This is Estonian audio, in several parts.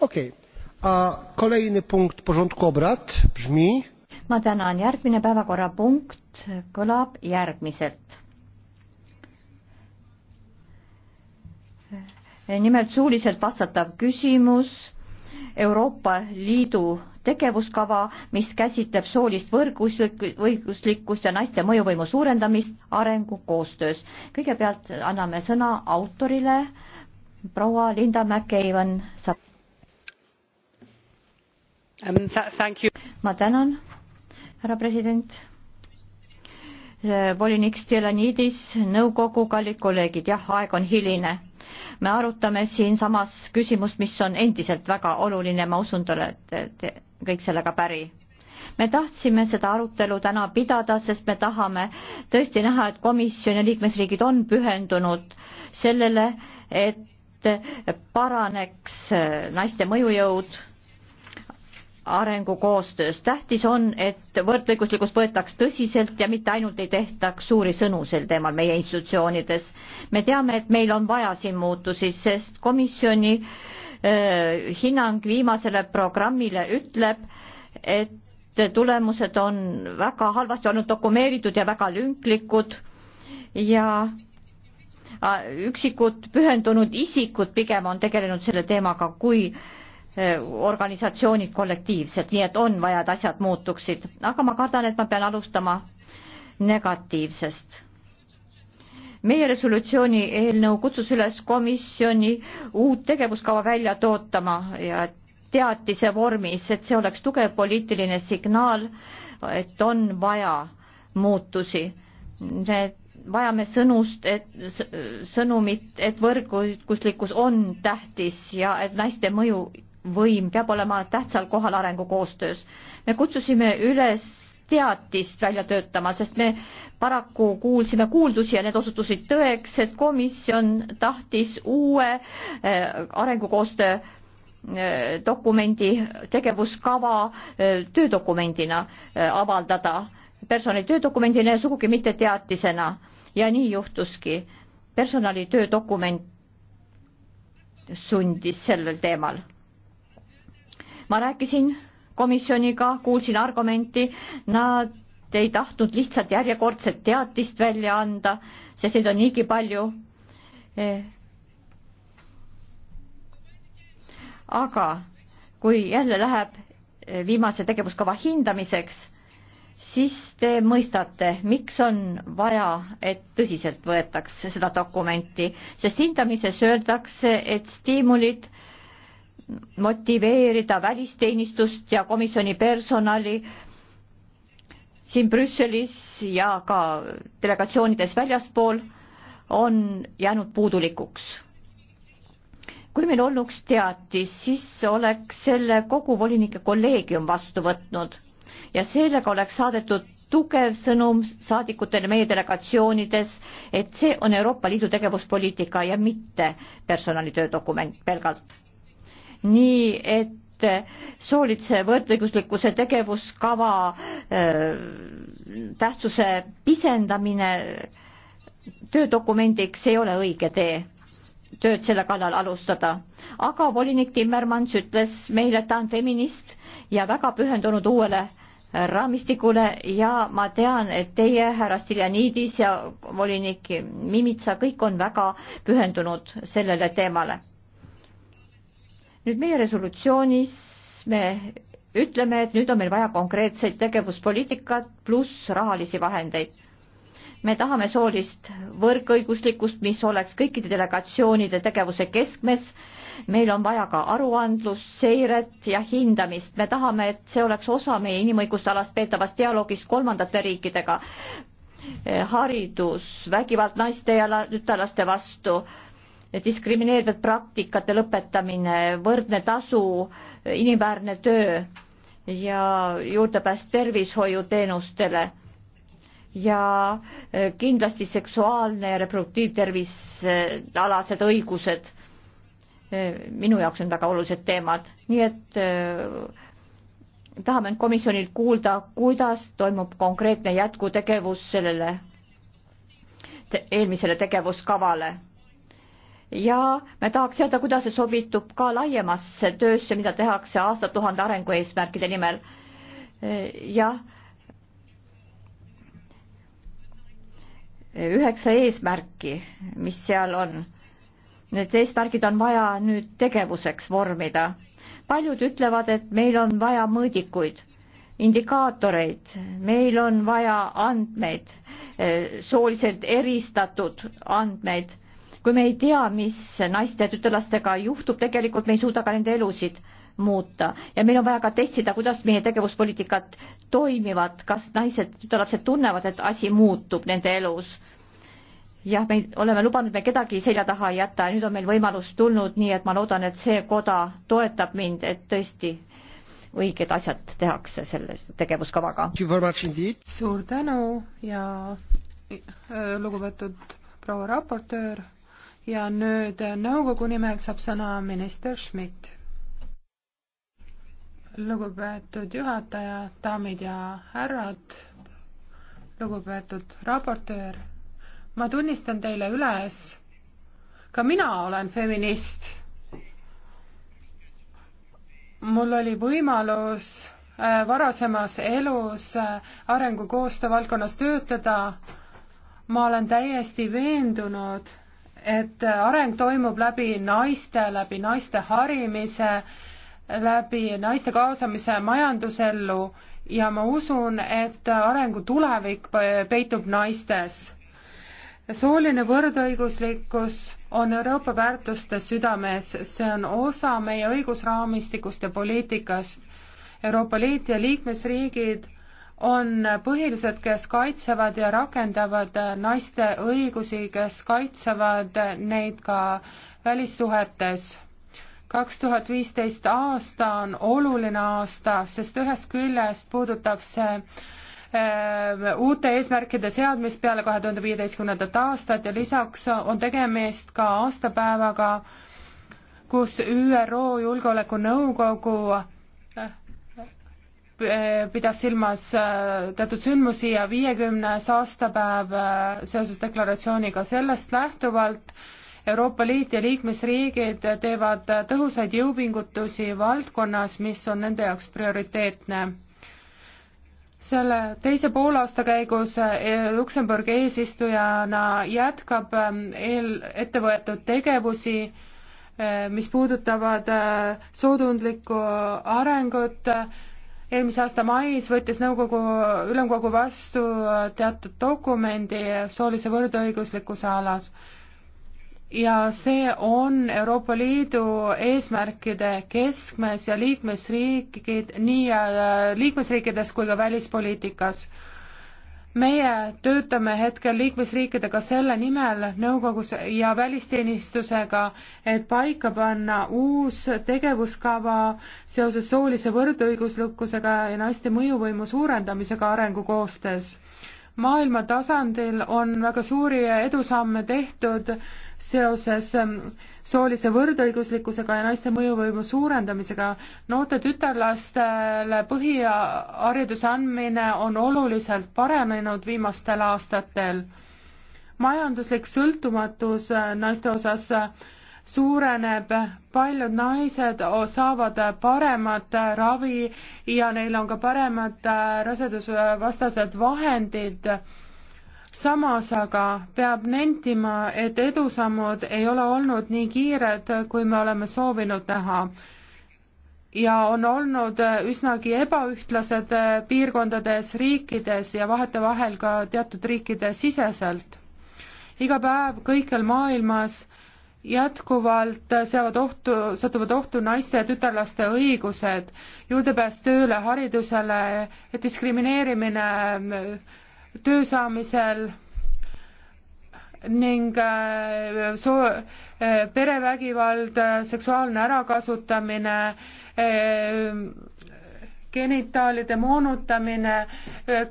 okei okay., kolejne punkt porządku obrad brzmi. ma tänan, järgmine päevakorrapunkt kõlab järgmiselt. nimelt suuliselt vastatav küsimus Euroopa Liidu tegevuskava, mis käsitleb soolist võrguslikkust ja naiste mõjuvõimu suurendamist arengukoostöös. kõigepealt anname sõna autorile, proua Linda McEwan saab. Um, ma tänan, härra president. volinik Stjelanidis, nõukogu, kallid kolleegid, jah, aeg on hiline. me arutame siinsamas küsimust, mis on endiselt väga oluline, ma usun, te olete kõik sellega päri me tahtsime seda arutelu täna pidada, sest me tahame tõesti näha, et komisjon ja liikmesriigid on pühendunud sellele, et paraneks naiste mõjujõud arengukoostöös. tähtis on, et võrdõiguslikkust võetaks tõsiselt ja mitte ainult ei tehtaks suuri sõnu sel teemal meie institutsioonides. me teame, et meil on vaja siin muutusi, sest komisjoni äh, hinnang viimasele programmile ütleb, et tulemused on väga halvasti olnud dokumeeritud ja väga lünklikud ja üksikud pühendunud isikud pigem on tegelenud selle teemaga kui äh, organisatsioonid kollektiivselt, nii et on vaja, et asjad muutuksid, aga ma kardan, et ma pean alustama negatiivsest. meie resolutsiooni eelnõu kutsus üles komisjoni uut tegevuskava välja tootama ja teatise vormis, et see oleks tugev poliitiline signaal, et on vaja muutusi. Need vajame sõnust, et sõnumit, et võrgustikkus on tähtis ja et naiste mõju võim peab olema tähtsal kohal arengukoostöös. me kutsusime üles teatist välja töötama, sest me paraku kuulsime kuuldusi ja need osutusid tõeks, et komisjon tahtis uue eh, arengukoostöö eh, dokumendi tegevuskava eh, töödokumendina avaldada, personali töödokumendina ja sugugi mitte teatisena. ja nii juhtuski. personali töödokument sundis sellel teemal ma rääkisin komisjoniga, kuulsin argumenti, nad ei tahtnud lihtsalt järjekordset teatist välja anda, sest neid on niigi palju. aga kui jälle läheb viimase tegevuskava hindamiseks, siis te mõistate, miks on vaja, et tõsiselt võetakse seda dokumenti, sest hindamises öeldakse, et stiimulid äh, motiveerida välisteenistust ja komisjoni personali siin Brüsselis ja ka delegatsioonides väljaspool on jäänud puudulikuks. kui meil olnuks teatis, siis oleks selle kogu volinike kolleegium vastu võtnud ja sellega oleks saadetud tugev sõnum saadikutele meie delegatsioonides, et see on Euroopa Liidu tegevuspoliitika ja mitte personalitöödokument pelgalt nii et soolise võrdõiguslikkuse tegevuskava äh, tähtsuse pisendamine töödokumendiks ei ole õige tee tööd selle kallal alustada. aga volinik Timmermans ütles meile, et ta on feminist ja väga pühendunud uuele raamistikule ja ma tean, et teie, härra Stiljanidis ja volinik Mimitsa, kõik on väga pühendunud sellele teemale nüüd meie resolutsioonis me ütleme, et nüüd on meil vaja konkreetseid tegevuspoliitikat pluss rahalisi vahendeid. me tahame soolist võrgõiguslikkust, mis oleks kõikide delegatsioonide tegevuse keskmes. meil on vaja ka aruandlust, seiret ja hindamist. me tahame, et see oleks osa meie inimõiguste alast peetavast dialoogist kolmandate riikidega. haridus, vägivald naiste ja tütarlaste vastu diskrimineerivate praktikate lõpetamine, võrdne tasu, inimväärne töö ja juurdepääs tervishoiuteenustele ja eh, kindlasti seksuaalne ja reproduktiivtervise alased õigused. Eh, minu jaoks on väga olulised teemad, nii et eh, tahame komisjonilt kuulda, kuidas toimub konkreetne jätkutegevus sellele te eelmisele tegevuskavale ja me tahaks teada, kuidas see sobitub ka laiemasse töösse, mida tehakse aastatuhande arengu eesmärkide nimel. jah. üheksa eesmärki, mis seal on. Need eesmärgid on vaja nüüd tegevuseks vormida. paljud ütlevad, et meil on vaja mõõdikuid, indikaatoreid, meil on vaja andmeid, sooliselt eristatud andmeid kui me ei tea, mis naiste ja tütarlastega juhtub, tegelikult me ei suuda ka nende elusid muuta ja meil on vaja ka testida, kuidas meie tegevuspoliitikad toimivad, kas naised, tütarlapsed tunnevad, et asi muutub nende elus. jah, me oleme lubanud, me kedagi selja taha ei jäta ja nüüd on meil võimalus tulnud, nii et ma loodan, et see koda toetab mind, et tõesti õiged asjad tehakse selle tegevuskavaga. suur tänu ja äh, lugupeetud proua raportöör ja nüüd nõukogu nimel saab sõna minister Schmidt. lugupeetud juhataja, daamid ja härrad, lugupeetud raportöör, ma tunnistan teile üles, ka mina olen feminist mul oli võimalus äh, varasemas elus äh, arengukoostöö valdkonnas töötada, ma olen täiesti veendunud, et areng toimub läbi naiste, läbi naiste harimise, läbi naiste kaasamise majandusellu ja ma usun, et arengu tulevik peitub naistes. sooline võrdõiguslikkus on Euroopa väärtuste südames, see on osa meie õigusraamistikust ja poliitikast. Euroopa Liit ja liikmesriigid on põhilised, kes kaitsevad ja rakendavad naiste õigusi, kes kaitsevad neid ka välissuhetes. kaks tuhat viisteist aasta on oluline aasta, sest ühest küljest puudutab see ähm, uute eesmärkide seadmist peale kahe tuhande viieteistkümnendat aastat ja lisaks on tegemist ka aastapäevaga, kus ÜRO Julgeolekunõukogu pidas silmas äh, teatud sündmusi ja viiekümnes aastapäev äh, seoses deklaratsiooniga. sellest lähtuvalt Euroopa Liit ja liikmesriigid teevad äh, tõhusaid jõupingutusi valdkonnas, mis on nende jaoks prioriteetne. selle teise poolaasta käigus Luksemburg eesistujana jätkab eel, ette võetud tegevusi mis puudutavad sootundlikku arengut eelmise aasta mais võttis nõukogu, ülemkogu vastu äh, teatud dokumendi soolise võrdõiguslikkuse alas. ja see on Euroopa Liidu eesmärkide keskmes ja liikmesriigid, nii äh, liikmesriikides kui ka välispoliitikas meie töötame hetkel liikmesriikidega selle nimel nõukogus ja välisteenistusega, et paika panna uus tegevuskava seoses soolise võrdõiguslikkusega ja naiste mõjuvõimu suurendamisega arengukoostöös maailma tasandil on väga suuri edusamme tehtud seoses ähm, soolise võrdõiguslikkusega ja naiste mõjuvõimu suurendamisega. noorte tütarlastele põhihariduse andmine on oluliselt paranenud viimastel aastatel. majanduslik sõltumatus äh, naiste osas äh, suureneb, paljud naised saavad paremat ravi ja neil on ka paremad rasedusvastased vahendid. samas aga peab nentima, et edusammud ei ole olnud nii kiired, kui me oleme soovinud näha ja on olnud üsnagi ebaühtlased piirkondades, riikides ja vahetevahel ka teatud riikide siseselt. iga päev kõikjal maailmas jätkuvalt seavad ohtu, satuvad ohtu naiste ja tütarlaste õigused, juurdepääs tööle, haridusele, diskrimineerimine töö saamisel ning äh, soo-, äh, perevägivald, äh, seksuaalne ärakasutamine, genitaalide moonutamine,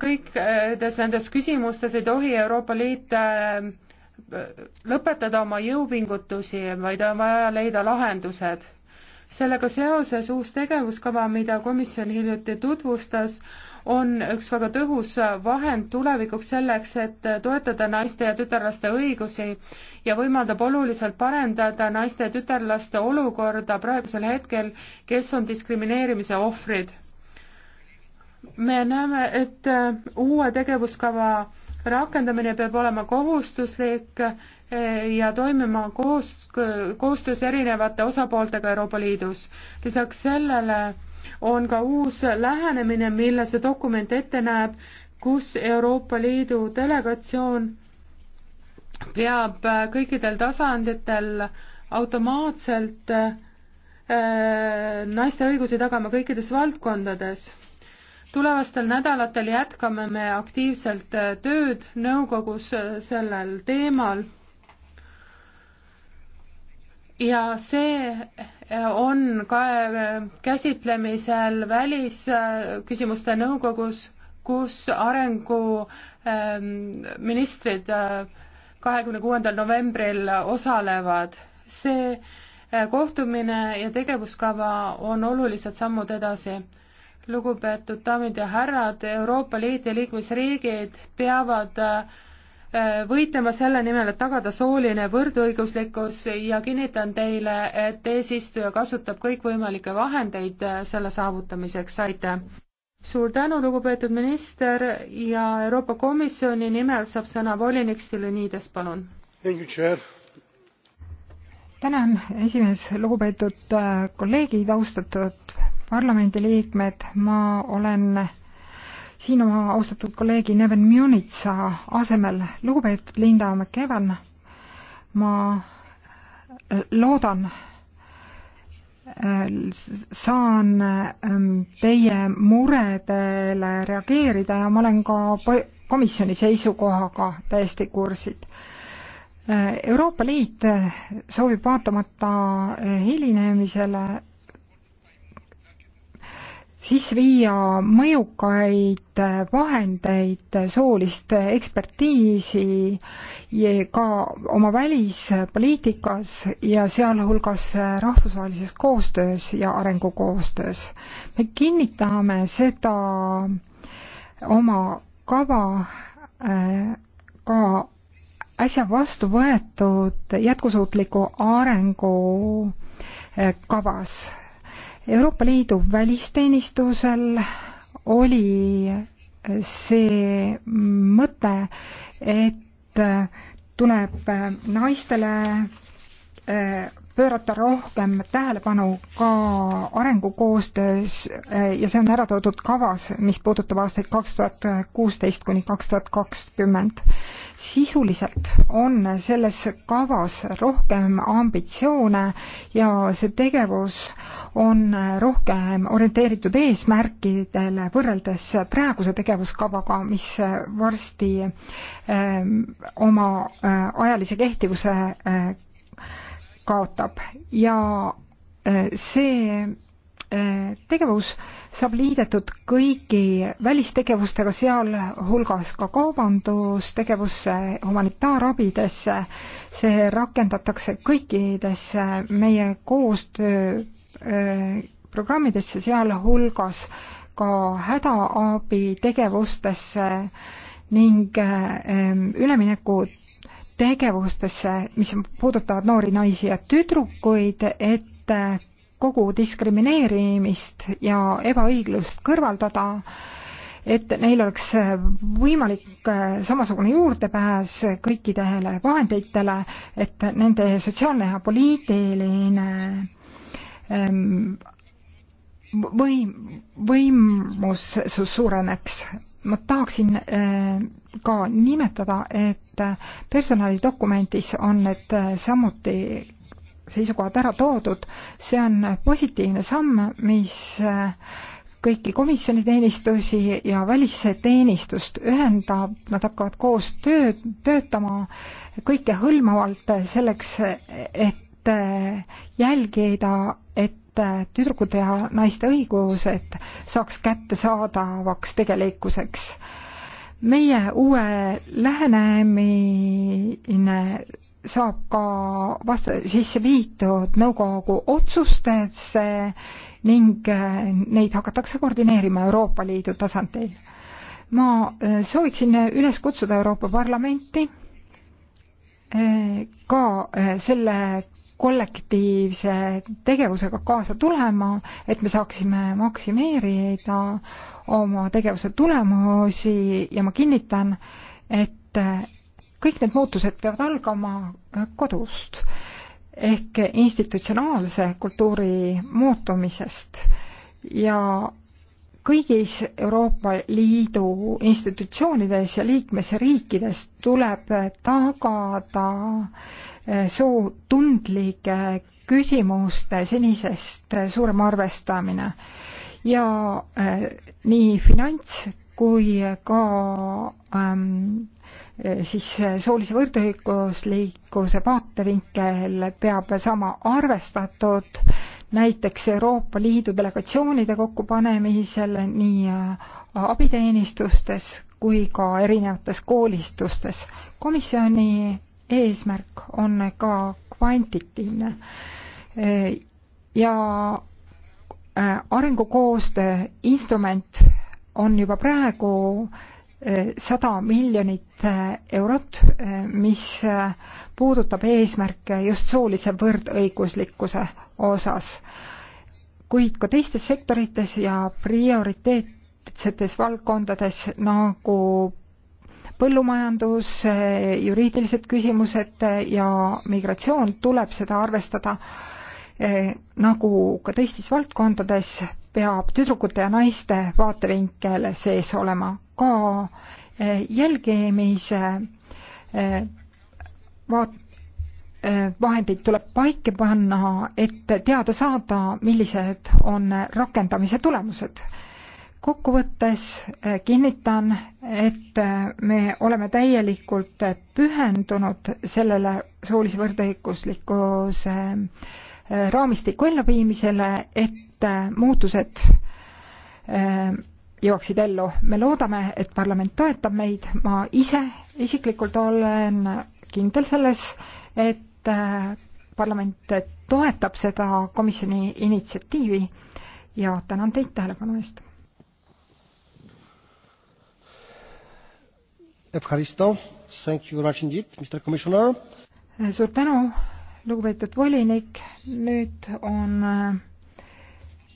kõikides nendes küsimustes ei tohi Euroopa Liit lõpetada oma jõupingutusi, vaid on vaja leida lahendused. sellega seoses uus tegevuskava, mida komisjon hiljuti tutvustas, on üks väga tõhus vahend tulevikuks selleks, et toetada naiste ja tütarlaste õigusi ja võimaldab oluliselt parendada naiste ja tütarlaste olukorda praegusel hetkel, kes on diskrimineerimise ohvrid. me näeme, et uue tegevuskava rakendamine peab olema kohustuslik eh, ja toimima koos, koostöös erinevate osapooltega Euroopa Liidus. lisaks sellele on ka uus lähenemine, mille see dokument ette näeb, kus Euroopa Liidu delegatsioon peab eh, kõikidel tasanditel automaatselt eh, naiste õigusi tagama kõikides valdkondades tulevastel nädalatel jätkame me aktiivselt äh, tööd nõukogus äh, sellel teemal. ja see äh, on ka käsitlemisel välisküsimuste nõukogus, kus arenguministrid ähm, kahekümne kuuendal novembril osalevad. see kohtumine ja tegevuskava on olulised sammud edasi lugupeetud daamid ja härrad, Euroopa Liit ja liikmesriigid peavad äh, võitlema selle nimel, et tagada sooline võrdõiguslikkus ja kinnitan teile, et eesistuja kasutab kõikvõimalikke vahendeid äh, selle saavutamiseks, aitäh! suur tänu, lugupeetud minister ja Euroopa Komisjoni nimel saab sõna volinik Stilinides, palun! tänan, esimees, lugupeetud äh, kolleegid, austatud parlamendiliikmed, ma olen siin oma austatud kolleegi Neven Munitsa asemel. lugupeetud Linda McEvan, ma äh, loodan, äh, saan ähm, teie muredele reageerida ja ma olen ka komisjoni seisukohaga täiesti kursid. Äh, Euroopa Liit soovib vaatamata hilinemisele siis viia mõjukaid vahendeid, soolist ekspertiisi ka oma välispoliitikas ja sealhulgas rahvusvahelises koostöös ja arengukoostöös. me kinnitame seda oma kava äh, ka äsja vastu võetud jätkusuutliku arengu äh, kavas Euroopa Liidu välisteenistusel oli see mõte, et tuleb naistele äh, pöörata rohkem tähelepanu ka arengukoostöös eh, ja see on ära toodud kavas, mis puudutab aastaid kaks tuhat kuusteist kuni kaks tuhat kakskümmend. sisuliselt on selles kavas rohkem ambitsioone ja see tegevus on rohkem orienteeritud eesmärkidele võrreldes praeguse tegevuskavaga, mis varsti öö, eh, oma öö, eh, ajalise kehtivuse öö, kaotab ja äh, see äh, tegevus saab liidetud kõigi välistegevustega, sealhulgas ka kaubandustegevusse, humanitaarabidesse, see rakendatakse kõikidesse meie koostööprogrammidesse, äh, sealhulgas ka hädaabitegevustesse ning üleminekud tegevustesse, mis puudutavad noori naisi ja tüdrukuid, et kogu diskrimineerimist ja ebaõiglust kõrvaldada, et neil oleks võimalik samasugune juurdepääs kõikidele vahenditele, et nende sotsiaalne ja poliitiline ähm, võim, võimus suureneks. ma tahaksin äh, ka nimetada, et äh, personalidokumentis on need äh, samuti seisukohad ära toodud, see on positiivne samm, mis kõiki komisjoni teenistusi ja välisteenistust ühendab, nad hakkavad koos tööd, töötama kõikehõlmavalt selleks, et jälgida, et et tüdrukute ja naiste õigused saaks kättesaadavaks tegelikkuseks. meie uue lähenemine saab ka vasta-, sisse viidud nõukogu otsustesse ning äh, neid hakatakse koordineerima Euroopa Liidu tasandil. ma äh, sooviksin üles kutsuda Euroopa Parlamenti ka eh, selle kollektiivse tegevusega kaasa tulema, et me saaksime maksimeerida oma tegevuse tulemusi ja ma kinnitan, et eh, kõik need muutused peavad algama eh, kodust ehk institutsionaalse kultuuri muutumisest ja kõigis Euroopa Liidu institutsioonides ja liikmesriikides tuleb tagada eh, sootundlike küsimuste senisest eh, suurem arvestamine ja eh, nii finants kui ka ähm, siis soolise võrdõiguslikkuse vaatevinkel peab saama arvestatud äh, näiteks Euroopa Liidu delegatsioonide kokkupanemisel nii äh, abiteenistustes kui ka erinevates koolistustes. komisjoni eesmärk on ka kvantitiivne äh, ja äh, arengukoostöö instrument on juba praegu sada miljonit äh, eurot, äh, mis äh, puudutab eesmärke just soolise võrdõiguslikkuse osas, kuid ka teistes sektorites ja prioriteetsetes valdkondades nagu põllumajandus, juriidilised küsimused ja migratsioon, tuleb seda arvestada nagu ka teistes valdkondades, peab tüdrukute ja naiste vaatevinkel sees olema ka eh, jälgimise eh, vaat-, eh, vahendeid tuleb paika panna, et teada saada, millised on rakendamise tulemused. kokkuvõttes kinnitan, et me oleme täielikult pühendunud sellele soolise võrdõiguslikkuse raamistiku elluviimisele, et muutused jõuaksid ellu. me loodame, et parlament toetab meid, ma ise isiklikult olen kindel selles, et äh, parlament toetab seda komisjoni initsiatiivi ja tänan teid tähelepanu eest. suur tänu, lugupeetud volinik, nüüd on äh,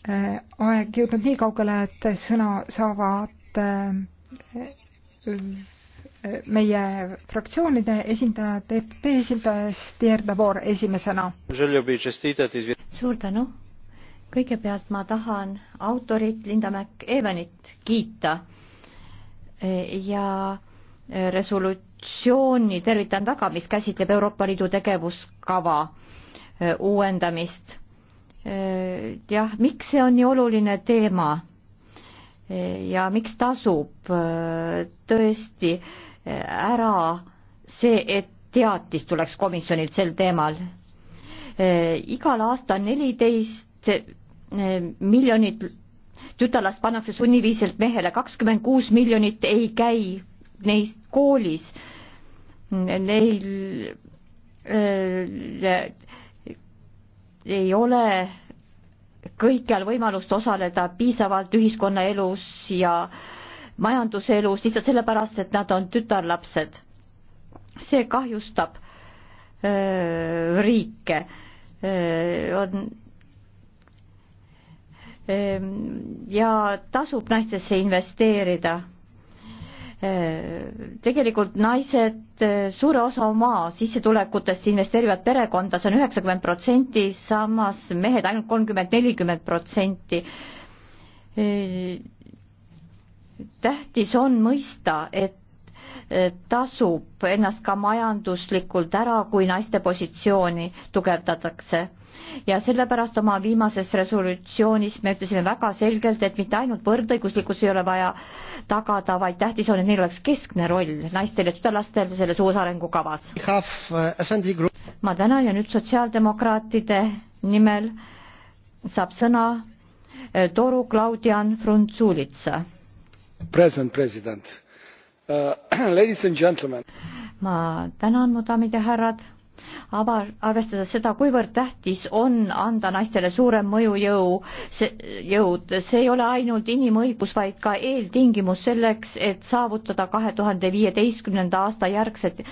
Äh, aeg jõudnud nii kaugele, et sõna saavad äh, meie fraktsioonide esindajad, EPP esindajast Tier Davor esimesena. suur tänu. kõigepealt ma tahan autorit Linda McEvanit kiita ja resolutsiooni tervitan taga, mis käsitleb Euroopa Liidu tegevuskava uuendamist Äh, jah, miks see on nii oluline teema äh, ja miks tasub äh, tõesti ära see, et teatis tuleks komisjonilt sel teemal. igal aastal neliteist miljonit tütarlast pannakse sunniviisilt mehele, kakskümmend kuus miljonit ei käi neist koolis. Neil äh, ei ole kõikjal võimalust osaleda piisavalt ühiskonnaelus ja majanduselus lihtsalt sellepärast, et nad on tütarlapsed. see kahjustab öö, riike. on öö, ja tasub naistesse investeerida tegelikult naised suure osa oma sissetulekutest investeerivad perekonda, see on üheksakümmend protsenti, samas mehed ainult kolmkümmend, nelikümmend protsenti. tähtis on mõista, et tasub ennast ka majanduslikult ära, kui naiste positsiooni tugevdatakse ja sellepärast oma viimases resolutsioonis me ütlesime väga selgelt, et mitte ainult võrdõiguslikkus ei ole vaja tagada, vaid tähtis on, et neil oleks keskne roll naistel ja tütarlastel selles uus arengukavas. ma tänan ja nüüd sotsiaaldemokraatide nimel saab sõna eh, Toru Klaudian Frunzulitsa. Present president uh,, ladies and gentlemen. ma tänan, mu daamid ja härrad ava-, arvestades seda, kuivõrd tähtis on anda naistele suurem mõjujõu, jõud, see ei ole ainult inimõigus, vaid ka eeltingimus selleks, et saavutada kahe tuhande viieteistkümnenda aasta järgsed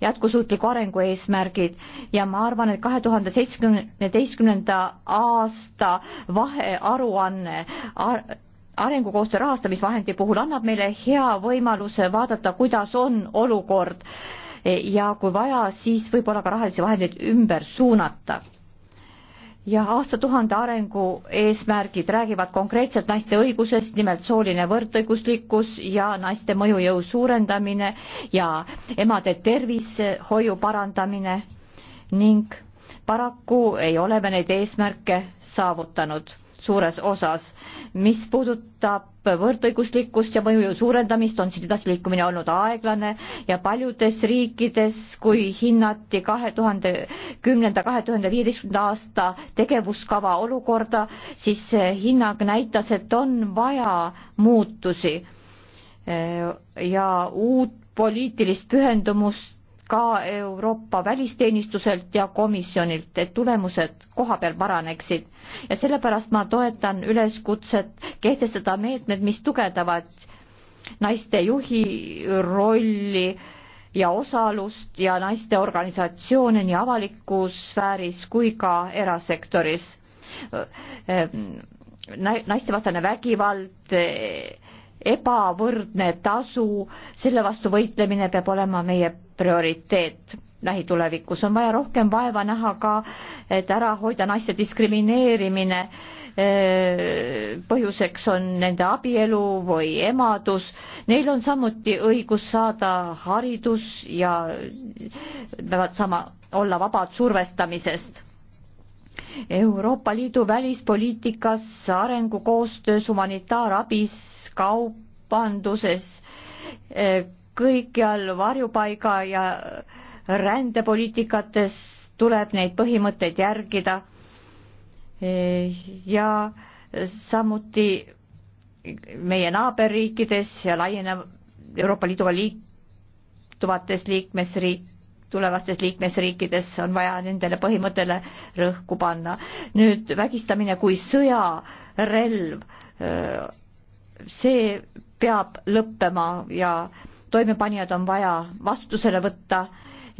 jätkusuutliku arengu eesmärgid ja ma arvan, et kahe tuhande seitsmeteistkümnenda aasta vahearuanne ar arengukoostöö rahastamisvahendi puhul annab meile hea võimaluse vaadata, kuidas on olukord äh, ja kui vaja, siis võib-olla ka rahalisi vahendeid ümber suunata. ja aastatuhande arengu eesmärgid räägivad konkreetselt naiste õigusest, nimelt sooline võrdõiguslikkus ja naiste mõjujõu suurendamine ja emade tervishoiu parandamine ning paraku ei ole me neid eesmärke saavutanud suures osas. mis puudutab võrdõiguslikkust ja mõju suurendamist, on siin edasiliikumine olnud aeglane ja paljudes riikides, kui hinnati kahe tuhande kümnenda, kahe tuhande viieteistkümnenda aasta tegevuskava olukorda, siis hinnang näitas, et on vaja muutusi ja uut poliitilist pühendumust ka Euroopa välisteenistuselt ja komisjonilt, et tulemused kohapeal paraneksid. ja sellepärast ma toetan üleskutset kehtestada meetmed, mis tugevdavad naiste juhi rolli ja osalust ja naiste organisatsioone nii avalikus sfääris kui ka erasektoris äh, ähm, naistevastane vägivald, ebavõrdne tasu, selle vastu võitlemine peab olema meie prioriteet lähitulevikus. on vaja rohkem vaeva näha ka, et ära hoida naiste diskrimineerimine. põhjuseks on nende abielu või emadus. Neil on samuti õigus saada haridus ja peavad saama olla vabad survestamisest Euroopa Liidu välispoliitikas, arengukoostöös, humanitaarabis kaubanduses, eh, kõikjal varjupaiga ja rändepoliitikates tuleb neid põhimõtteid järgida. Eh, ja samuti meie naaberriikides ja laieneb Euroopa Liiduga liituvates liikmesriik, tulevastes liikmesriikides on vaja nendele põhimõttele rõhku panna. nüüd vägistamine kui sõjarelv eh, see peab lõppema ja toimepanijad on vaja vastutusele võtta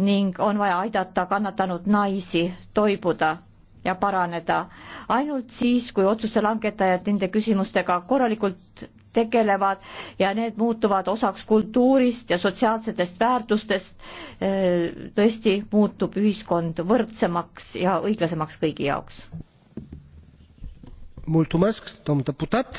ning on vaja aidata kannatanud naisi toibuda ja paraneda. ainult siis, kui otsuste langetajad nende küsimustega korralikult tegelevad ja need muutuvad osaks kultuurist ja sotsiaalsetest väärtustest, eh, tõesti muutub ühiskond võrdsemaks ja õiglasemaks kõigi jaoks. mulțumesc, domn deputat.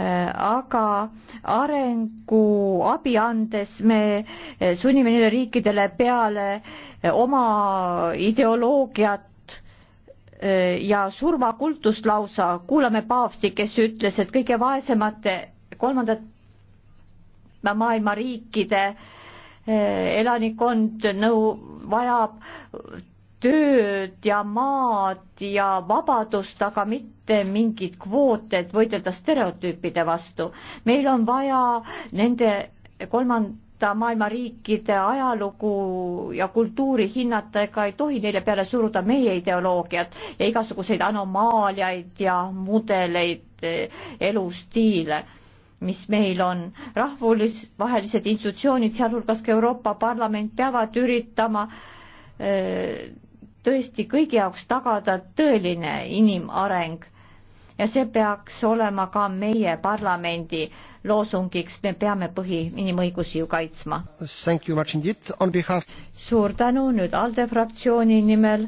aga arenguabi andes me sunnime neile riikidele peale oma ideoloogiat e, ja surmakultust lausa. kuulame paavsti, kes ütles, et kõige vaesemate kolmandate maailma riikide e, elanikkond nõu vajab tööd ja maad ja vabadust, aga mitte mingit kvoote, et võidelda stereotüüpide vastu. meil on vaja nende kolmanda maailma riikide ajalugu ja kultuuri hinnata ega ei tohi neile peale suruda meie ideoloogiat ja igasuguseid anomaaliaid ja mudeleid, eh, elustiile mis meil on. rahvusvahelised institutsioonid, sealhulgas ka Euroopa Parlament, peavad üritama öö, eh, tõesti kõigi jaoks tagada tõeline inimareng ja see peaks olema ka meie parlamendi loosungiks, me peame põhiinimõigusi ju kaitsma. Behalf... suur tänu nüüd ALDE fraktsiooni nimel.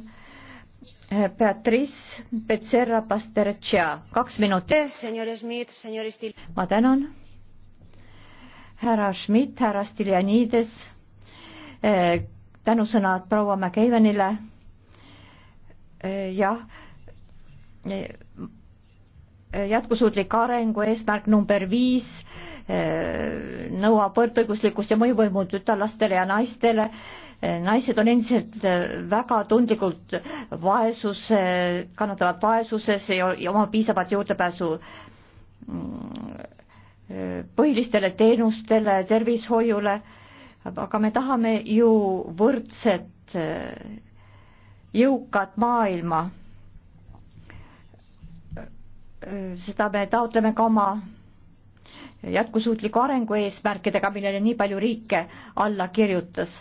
Beatrice äh, Becerra Pastercia, kaks minutit. Eh, ma tänan. härra Schmidt, härra Stiljanides, äh, tänusõnad proua Mäkeivenile jah, jätkusuutlik arengu eesmärk number viis eh, nõuab võrdõiguslikkust ja mõjuvõimu tütarlastele ja naistele. Eh, naised on endiselt eh, väga tundlikult vaesuse, kannatavad vaesuses ja oma piisavat juurdepääsu mm, põhilistele teenustele, tervishoiule, aga me tahame ju võrdset jõukat maailma. seda me taotleme ka oma jätkusuutliku arengu eesmärkidega, millele nii palju riike alla kirjutas.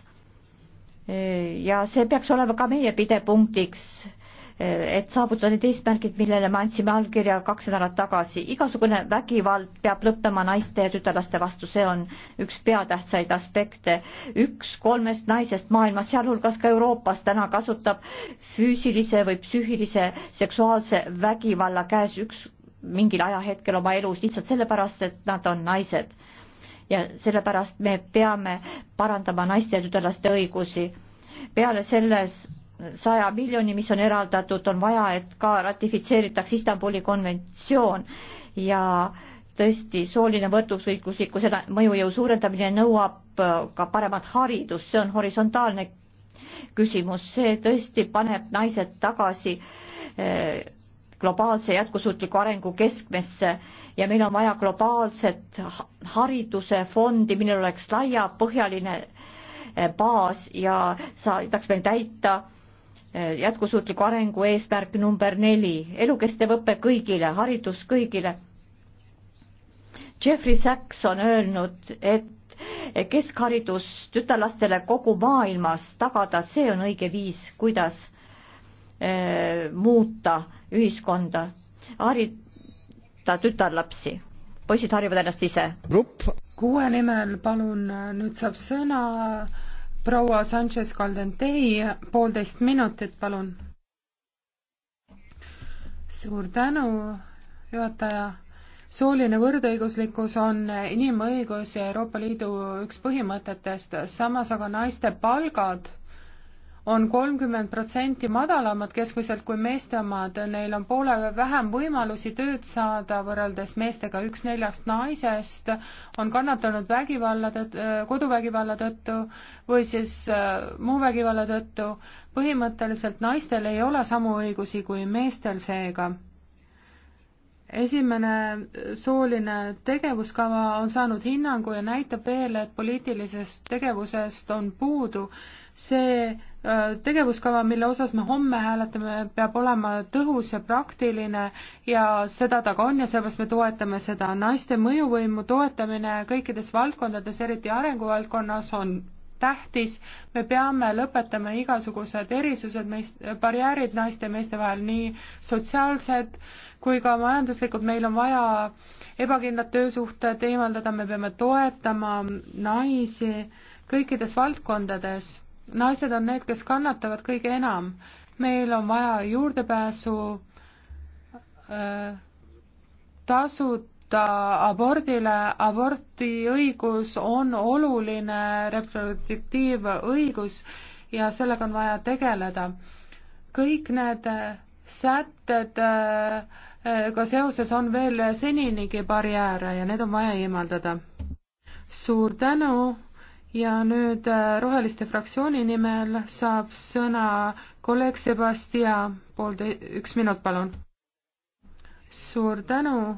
ja see peaks olema ka meie pidepunktiks et saavutada need eesmärgid, millele me andsime allkirja kaks nädalat tagasi. igasugune vägivald peab lõppema naiste ja tütarlaste vastu, see on üks peatähtsaid aspekte. üks kolmest naisest maailmas, sealhulgas ka Euroopas, täna kasutab füüsilise või psüühilise seksuaalse vägivalla käes üks mingil ajahetkel oma elus lihtsalt sellepärast, et nad on naised. ja sellepärast me peame parandama naiste ja tütarlaste õigusi. peale selles saja miljoni, mis on eraldatud, on vaja, et ka ratifitseeritaks Istanbuli konventsioon ja tõesti, sooline võrdusõiguslikkuse mõjujõu suurendamine nõuab äh, ka paremat haridust, see on horisontaalne küsimus, see tõesti paneb naised tagasi äh, globaalse jätkusuutliku arengu keskmesse ja meil on vaja globaalset hariduse fondi, millel oleks laiapõhjaline äh, baas ja saadaks meil täita jätkusuutliku arengu eesmärk number neli, elukestev õpe kõigile, haridus kõigile. Jeffrey Sachs on öelnud, et keskharidus tütarlastele kogu maailmas tagada, see on õige viis, kuidas äh, muuta ühiskonda, harida tütarlapsi. poisid harivad ennast ise. kuue nimel palun, äh, nüüd saab sõna proua Sanchez Caldentei, poolteist minutit, palun. suur tänu, juhataja. sooline võrdõiguslikkus on inimõigus ja Euroopa Liidu üks põhimõtetest, samas aga naiste palgad on kolmkümmend protsenti madalamad keskmiselt kui meeste omad, neil on poole vähem võimalusi tööd saada võrreldes meestega, üks neljast naisest on kannatanud vägivalla, koduvägivalla tõttu või siis äh, muu vägivalla tõttu. põhimõtteliselt naistel ei ole samu õigusi kui meestel seega esimene sooline tegevuskava on saanud hinnangu ja näitab veel, et poliitilisest tegevusest on puudu. see Äh, tegevuskava, mille osas me homme hääletame, peab olema tõhus ja praktiline ja seda ta ka on ja sellepärast me toetame seda. naiste mõjuvõimu toetamine kõikides valdkondades, eriti arenguvaldkonnas, on tähtis, me peame lõpetama igasugused erisused, meist-, barjäärid naiste ja meeste vahel, nii sotsiaalsed kui ka majanduslikud, meil on vaja ebakindlad töösuhted eemaldada, me peame toetama naisi kõikides valdkondades naised on need, kes kannatavad kõige enam. meil on vaja juurdepääsu äh, tasuta abordile, abordiõigus on oluline reproduktiivõigus ja sellega on vaja tegeleda. kõik need äh, sätted äh, ka seoses on veel seninigi barjääre ja need on vaja eemaldada. suur tänu! ja nüüd äh, Roheliste fraktsiooni nimel saab sõna kolleeg Sebastia, poolde-, üks minut, palun. suur tänu,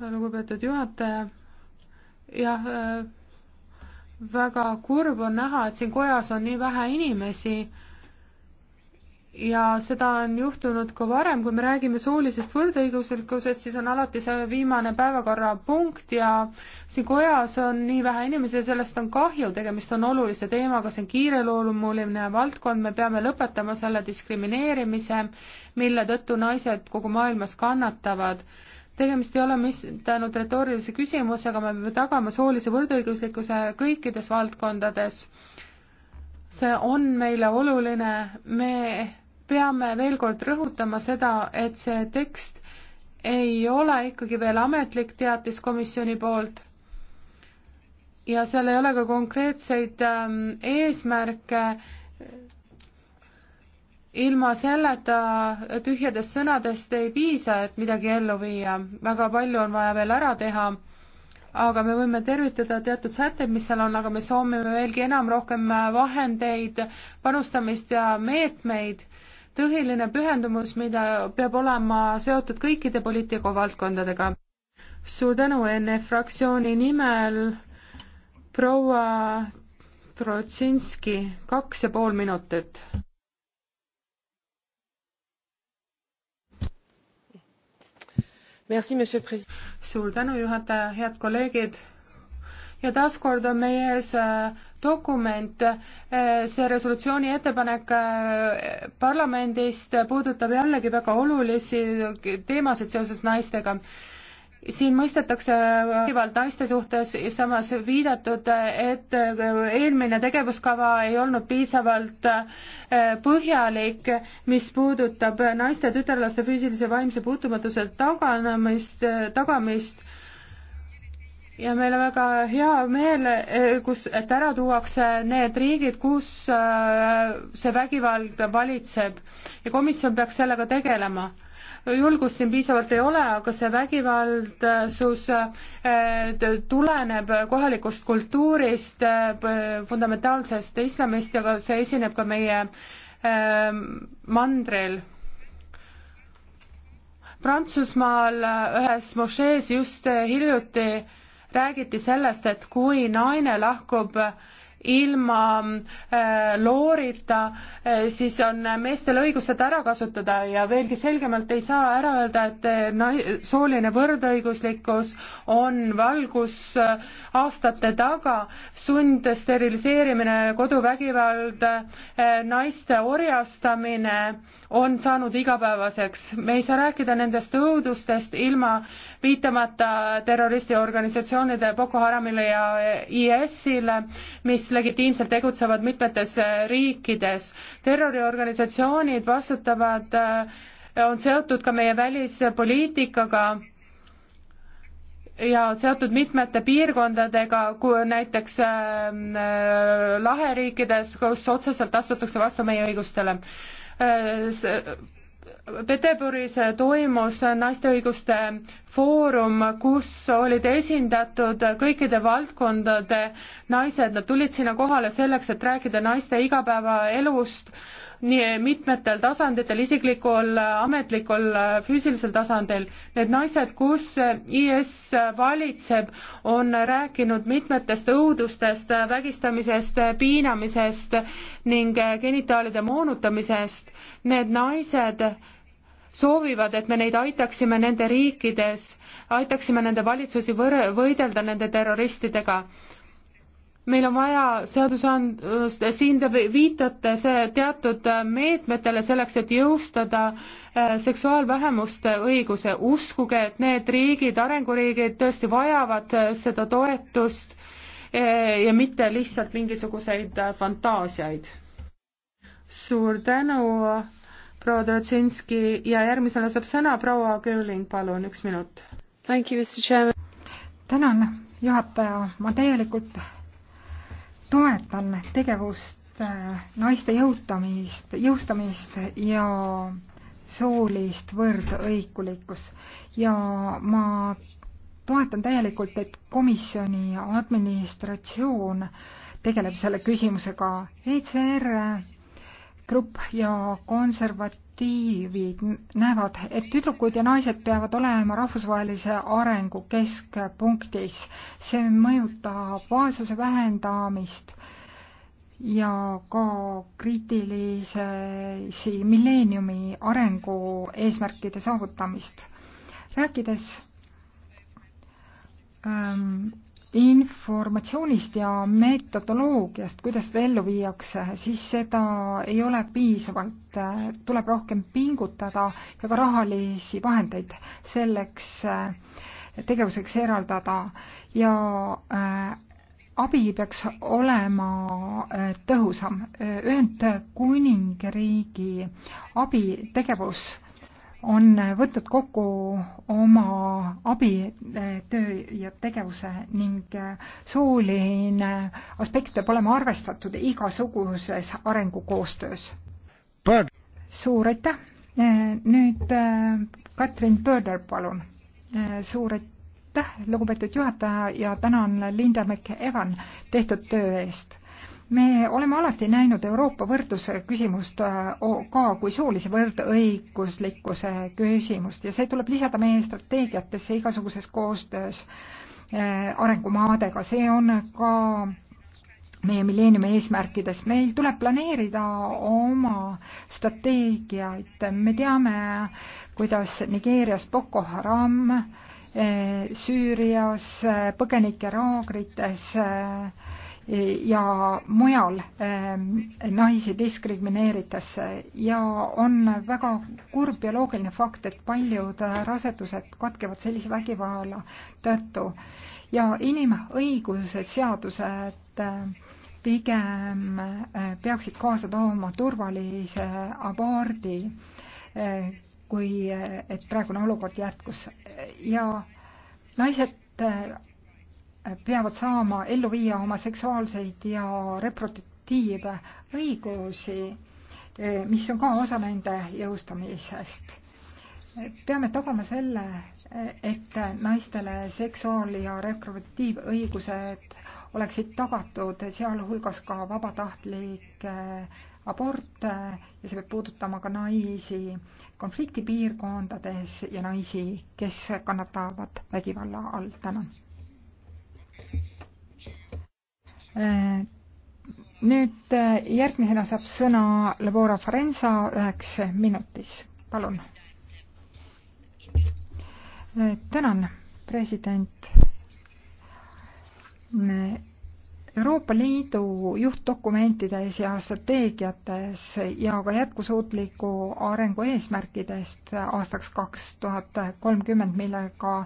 lugupeetud juhataja. jah, äh, väga kurb on näha, et siin kojas on nii vähe inimesi ja seda on juhtunud ka varem, kui me räägime soolisest võrdõiguslikkusest, siis on alati see viimane päevakorrapunkt ja siin kojas on nii vähe inimesi ja sellest on kahju, tegemist on olulise teemaga, see on kiireloomuline valdkond, me peame lõpetama selle diskrimineerimise, mille tõttu naised kogu maailmas kannatavad. tegemist ei ole mitte ainult retoorilise küsimusega, me peame tagama soolise võrdõiguslikkuse kõikides valdkondades see on meile oluline, me peame veel kord rõhutama seda, et see tekst ei ole ikkagi veel ametlik teatis komisjoni poolt ja seal ei ole ka konkreetseid ähm, eesmärke ilma selleta tühjadest sõnadest ei piisa, et midagi ellu viia, väga palju on vaja veel ära teha, aga me võime tervitada teatud sätteid, mis seal on, aga me soovime veelgi enam rohkem vahendeid, panustamist ja meetmeid tõeline pühendumus, mida peab olema seotud kõikide poliitikavaldkondadega. suur tänu enne fraktsiooni nimel proua Trotsinski, kaks ja pool minutit. suur tänu, juhataja, head kolleegid ja taaskord on meie ees äh, dokument, see resolutsiooni ettepanek eh, parlamendist puudutab jällegi väga olulisi teemasid seoses naistega siin mõistetakse vägivald naiste suhtes ja samas viidatud, et eelmine tegevuskava ei olnud piisavalt eh, põhjalik, mis puudutab naiste ja tütarlaste füüsilise ja vaimse puutumatuse tagamist, tagamist ja meil on väga hea meel, eh, kus, et ära tuuakse need riigid, kus eh, see vägivald valitseb ja komisjon peaks sellega tegelema. julgust siin piisavalt ei ole, aga see vägivaldsus eh, tuleneb kohalikust kultuurist, fundamentaalsest islamist ja ka see esineb ka meie mandril Prantsusmaal ühes mošees just hiljuti räägiti sellest, et kui naine lahkub ilma äh, loorita äh,, siis on meestel õigus seda ära kasutada ja veelgi selgemalt ei saa ära öelda, et äh, nai-, sooline võrdõiguslikkus on valgus äh, aastate taga, sundsteriliseerimine, koduvägivald äh,, naiste orjastamine on saanud igapäevaseks. me ei saa rääkida nendest õudustest ilma viitamata terroristiorganisatsioonide Boko Haramile ja IS-ile, mis legitiimselt tegutsevad mitmetes riikides. terroriorganisatsioonid vastutavad, on seotud ka meie välispoliitikaga ja seotud mitmete piirkondadega, kui näiteks ähm, äh, laheriikides, kus otseselt astutakse vastu meie õigustele äh, Peterburis toimus naiste õiguste foorum, kus olid esindatud kõikide valdkondade naised, nad tulid sinna kohale selleks, et rääkida naiste igapäevaelust nii mitmetel tasanditel, isiklikul, ametlikul, füüsilisel tasandil. Need naised, kus IS valitseb, on rääkinud mitmetest õudustest, vägistamisest, piinamisest ning genitaalide moonutamisest. Need naised soovivad, et me neid aitaksime nende riikides, aitaksime nende valitsusi võr-, võidelda nende terroristidega. meil on vaja seadusandlust, siin te viitate see teatud meetmetele selleks, et jõustada äh, seksuaalvähemuste õiguse, uskuge, et need riigid, arenguriigid tõesti vajavad äh, seda toetust äh, ja mitte lihtsalt mingisuguseid fantaasiaid. suur tänu proua Trotsinski ja järgmisena saab sõna proua Kööling, palun, üks minut. tänan, juhataja, ma täielikult toetan tegevust äh, naiste jõutamist, jõustamist ja soolist võrdõigulikkus ja ma toetan täielikult, et komisjoni administratsioon tegeleb selle küsimusega. ECR grupp ja konservatiivid näevad, et tüdrukud ja naised peavad olema rahvusvahelise arengu keskpunktis. see mõjutab vaesuse vähendamist ja ka kriitilisi milleeniumi arengu eesmärkide saavutamist. rääkides ähm, informatsioonist ja metodoloogiast, kuidas seda ellu viiakse, siis seda ei ole piisavalt, tuleb rohkem pingutada ja ka rahalisi vahendeid selleks eh, tegevuseks eraldada ja eh, abi peaks olema eh, tõhusam. Ühendkuningriigi abitegevus on võtnud kokku oma abi, eh, töö ja tegevuse ning eh, sooline aspekt peab olema arvestatud igasuguses arengukoostöös. suur aitäh, eh, nüüd Katrin Pöörder, palun. suur aitäh, lugupeetud juhataja ja tänan Linda McEvan tehtud töö eest me oleme alati näinud Euroopa võrdluse küsimust äh, ka kui soolise võrdõiguslikkuse küsimust ja see tuleb lisada meie strateegiatesse igasuguses koostöös äh, arengumaadega, see on ka meie milleeniumi eesmärkides, meil tuleb planeerida oma strateegiaid, me teame, kuidas Nigeerias Boko Haram, äh, Süürias, põgenike laagrites äh, ja mujal ähm, naisi diskrimineeritakse ja on väga kurb ja loogiline fakt, et paljud äh, rasedused katkevad sellise vägivalla tõttu ja inimõiguse seadused äh, pigem äh, peaksid kaasa tooma turvalise abordi, kui et praegune olukord jätkus ja naised peavad saama ellu viia oma seksuaalseid ja reproduktiive õigusi, mis on ka osa nende jõustamisest. peame tagama selle, et naistele seksuaal- ja reproduktiivõigused oleksid tagatud, sealhulgas ka vabatahtlik äh, abort ja see peab puudutama ka naisi konfliktipiirkondades ja naisi, kes kannatavad vägivalla all. tänan Äh, nüüd äh, järgmisena saab sõna Lebora Forenza üheks minutis, palun. Äh, tänan, president. Euroopa Liidu juhtdokumentides ja strateegiates ja ka jätkusuutliku arengu eesmärkidest aastaks kaks tuhat kolmkümmend, millega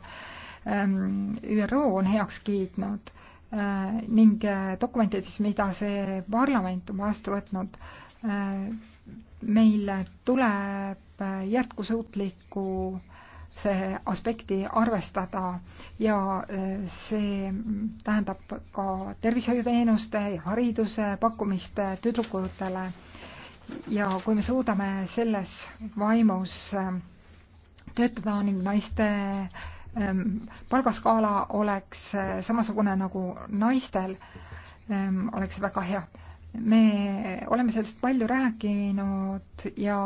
ähm, ÜRO on heaks kiitnud Äh, ning äh, dokumentides, mida see parlament on vastu võtnud, äh, meil tuleb jätkusuutliku see aspekti arvestada ja see tähendab ka tervishoiuteenuste ja hariduse pakkumist tüdrukutele. ja kui me suudame selles vaimus töötada ning naiste äh, Ehm, palgaskaala oleks eh, samasugune nagu naistel, ehm, oleks väga hea. me oleme sellest palju rääkinud ja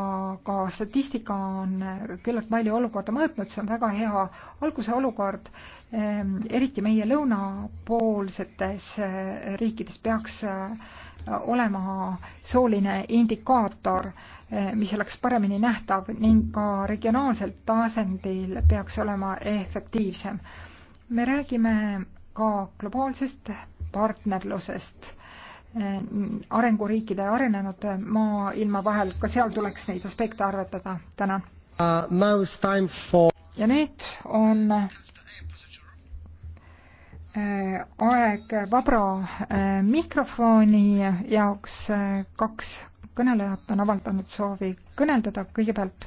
ka statistika on eh, küllalt palju olukorda mõõtnud, see on väga hea alguse olukord, ehm, eriti meie lõunapoolsetes eh, riikides peaks olema sooline indikaator, mis oleks paremini nähtav ning ka regionaalsel tasandil peaks olema efektiivsem. me räägime ka globaalsest partnerlusest arenguriikide ja arenenud maailma vahel, ka seal tuleks neid aspekte arvetada. tänan. Uh, ja nüüd on Äh, aeg vabra äh, mikrofoni jaoks. Äh, kaks kõnelejat on avaldanud soovi kõneldada. kõigepealt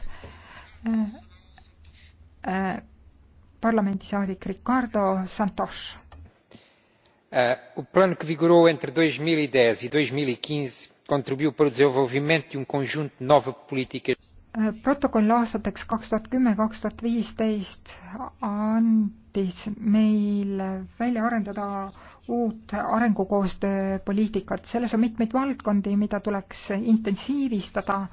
parlamendisaadik Ricardo Santos. O plano que vigorou entre 2010 e 2015 e e contribuiu para o desenvolvimento de um conjunto de nove políticas protokoll aastateks kaks tuhat kümme, kaks tuhat viisteist andis meil välja arendada uut arengukoostööpoliitikat. selles on mitmeid valdkondi, mida tuleks intensiivistada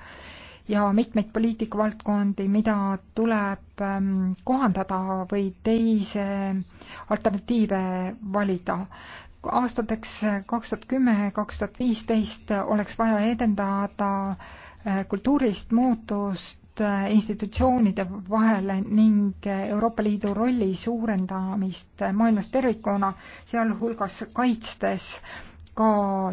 ja mitmeid poliitikavaldkondi, mida tuleb ähm, kohandada või teise alternatiive valida. aastateks kaks tuhat kümme, kaks tuhat viisteist oleks vaja edendada Äh, kultuurist muutust äh, institutsioonide vahele ning äh, Euroopa Liidu rolli suurendamist maailmas tervikuna, sealhulgas kaitstes ka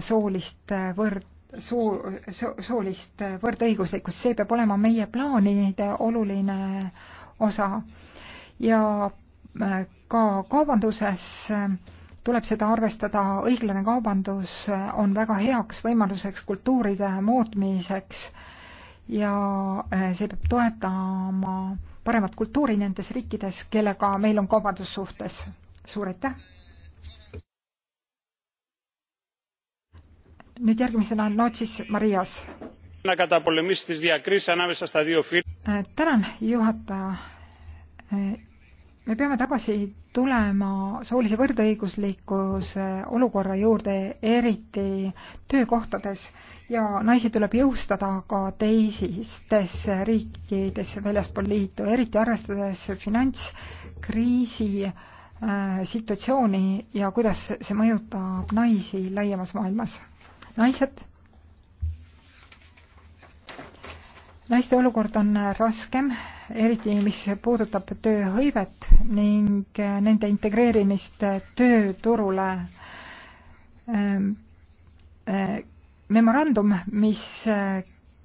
soolist võrd-, soo-, so-, soolist võrdõiguslikkust, see peab olema meie plaanide oluline osa. ja ka kaubanduses äh, tuleb seda arvestada, õiglane kaubandus äh, on väga heaks võimaluseks kultuuride muutmiseks ja äh, see peab toetama paremat kultuuri nendes riikides, kellega meil on kaubandussuhtes. suur aitäh! nüüd järgmisena on Lotsis Marias. Äh, tänan, juhataja me peame tagasi tulema soolise võrdõiguslikkuse olukorra juurde, eriti töökohtades ja naisi tuleb jõustada ka teistes riikides väljaspool liitu, eriti arvestades finantskriisi äh, situatsiooni ja kuidas see mõjutab naisi laiemas maailmas. naised naiste olukord on raskem, eriti mis puudutab tööhõivet ning nende integreerimist tööturule. Ehm, ehm, memorandum, mis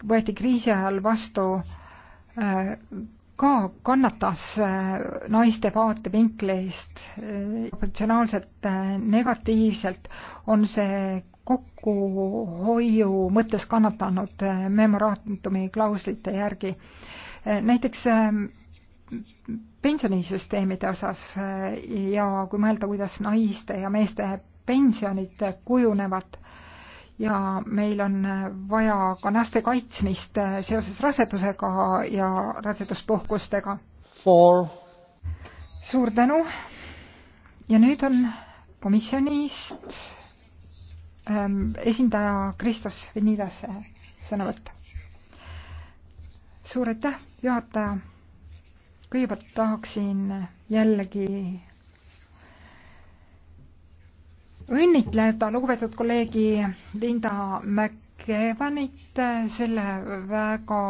võeti kriisi ajal vastu, ehm, ka kannatas naiste vaatevinklist proportsionaalselt negatiivselt, on see kokkuhoiu mõttes kannatanud äh, memorandumi klauslite järgi. Äh, näiteks äh, pensionisüsteemide osas ja kui mõelda, kuidas naiste ja meeste pensionid kujunevad ja meil on vaja ka naiste kaitsmist seoses rasedusega ja raseduspuhkustega. suur tänu ja nüüd on komisjonist Ähm, esindaja Kristos Venidas sõna võtta. suur aitäh, juhataja. kõigepealt tahaksin jällegi õnnitleda lugupeetud kolleegi Linda McEvanit selle väga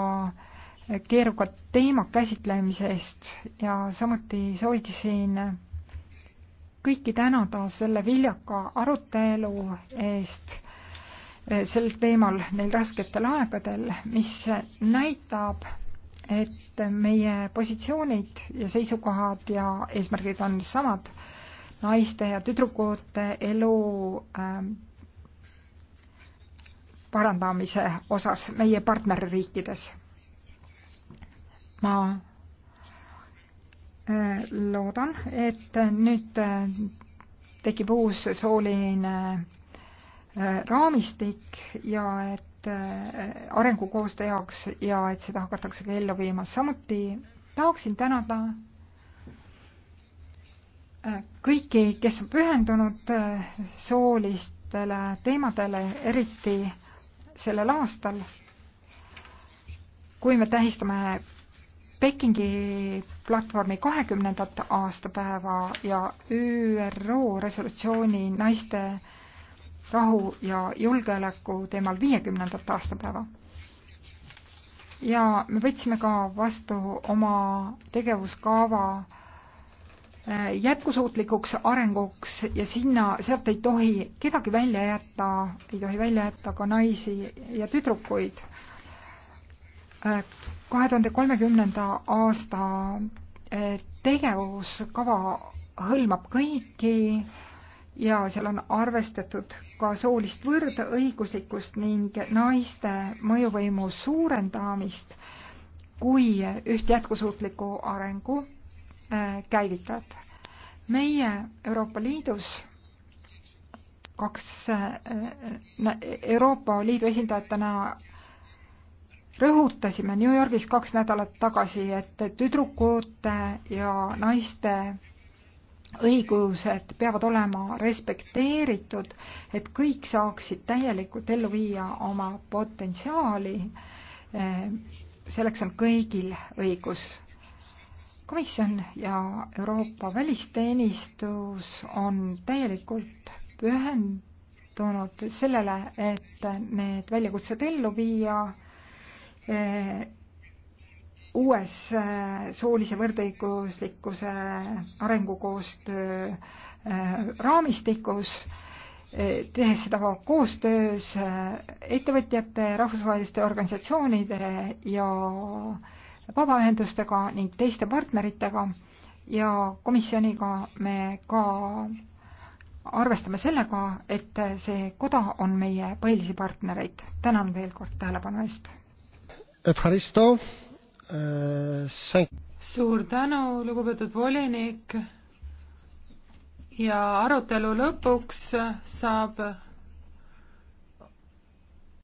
keeruka teema käsitlemise eest ja samuti sooviksin kõiki tänada selle viljaka arutelu eest eh, sel teemal neil rasketel aegadel, mis näitab, et meie positsioonid ja seisukohad ja eesmärgid on samad. naiste ja tüdrukute elu ähm, parandamise osas meie partnerriikides. ma Äh, loodan, et nüüd äh, tekib uus sooline äh, raamistik ja et arengukoostöö jaoks ja et seda hakatakse ka ellu viima. samuti tahaksin tänada kõiki, kes on pühendunud soolistele teemadele, eriti sellel aastal, kui me tähistame Pekingi platvormi kahekümnendat aastapäeva ja ÜRO resolutsiooni naiste rahu ja julgeoleku teemal viiekümnendat aastapäeva. ja me võtsime ka vastu oma tegevuskava äh, jätkusuutlikuks arenguks ja sinna, sealt ei tohi kedagi välja jätta, ei tohi välja jätta ka naisi ja tüdrukuid äh, kahe tuhande kolmekümnenda aasta eh, tegevuskava hõlmab kõiki ja seal on arvestatud ka soolist võrdõiguslikkust ning naiste mõjuvõimu suurendamist kui üht jätkusuutliku arengu eh, käivitajat. meie Euroopa Liidus kaks eh, Euroopa Liidu esindajatena rõhutasime New Yorgis kaks nädalat tagasi, et tüdrukute ja naiste õigused peavad olema respekteeritud, et kõik saaksid täielikult ellu viia oma potentsiaali. selleks on kõigil õigus. komisjon ja Euroopa välisteenistus on täielikult pühendunud sellele, et need väljakutsed ellu viia Eh, uues eh, soolise võrdõiguslikkuse arengukoostöö eh, raamistikus, tehes seda koostöös ettevõtjate, rahvusvaheliste organisatsioonide ja vabaühendustega ning teiste partneritega ja komisjoniga me ka arvestame sellega, et see koda on meie põhilisi partnereid. tänan veel kord tähelepanu eest! Eh, suur tänu, lugupeetud volinik. ja arutelu lõpuks saab